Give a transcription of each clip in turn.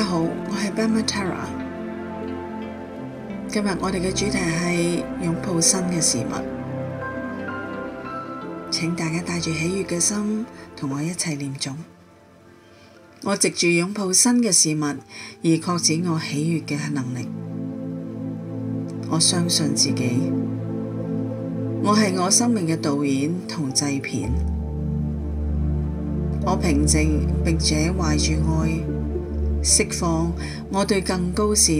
大家好，我係 Padma Tara。今日我哋嘅主題係擁抱新嘅事物，請大家帶住喜悅嘅心同我一齊念誦。我藉住擁抱新嘅事物而擴展我喜悅嘅能力。我相信自己，我係我生命嘅導演同製片。我平靜並且懷住愛。釋放我對更高善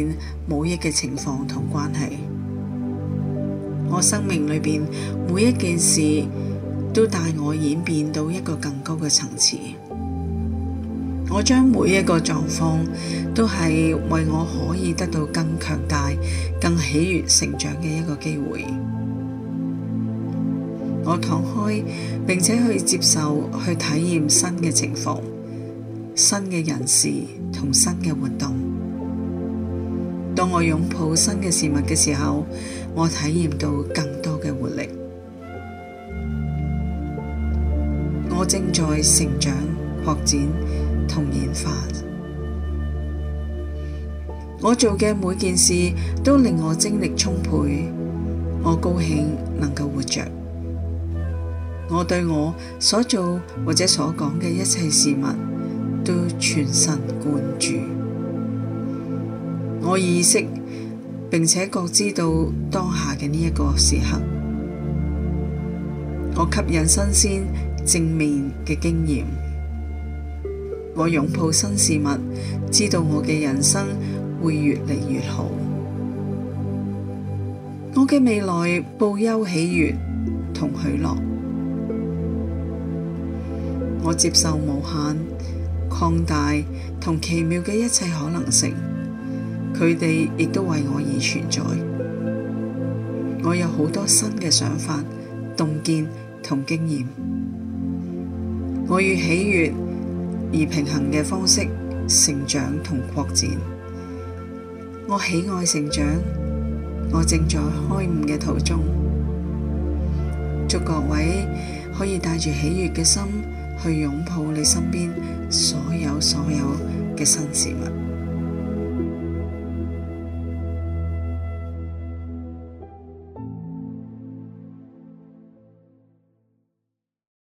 冇益嘅情況同關係，我生命裏邊每一件事都帶我演變到一個更高嘅層次。我將每一個狀況都係為我可以得到更強大、更喜悅成長嘅一個機會。我敞開，並且去接受，去體驗新嘅情況。新嘅人事同新嘅活動，當我擁抱新嘅事物嘅時候，我體驗到更多嘅活力。我正在成長、擴展同演化。我做嘅每件事都令我精力充沛，我高興能夠活着。我對我所做或者所講嘅一切事物。都全神貫注，我意識並且覺知到當下嘅呢一個時刻，我吸引新鮮正面嘅經驗，我擁抱新事物，知道我嘅人生會越嚟越好，我嘅未來布優喜悅同許諾，我接受無限，擴大同奇妙嘅一切可能性，佢哋亦都為我而存在。我有好多新嘅想法、洞見同經驗。我以喜悅而平衡嘅方式成長同擴展。我喜愛成長，我正在開悟嘅途中。祝各位可以帶住喜悅嘅心去擁抱你身邊所有所有嘅新事物。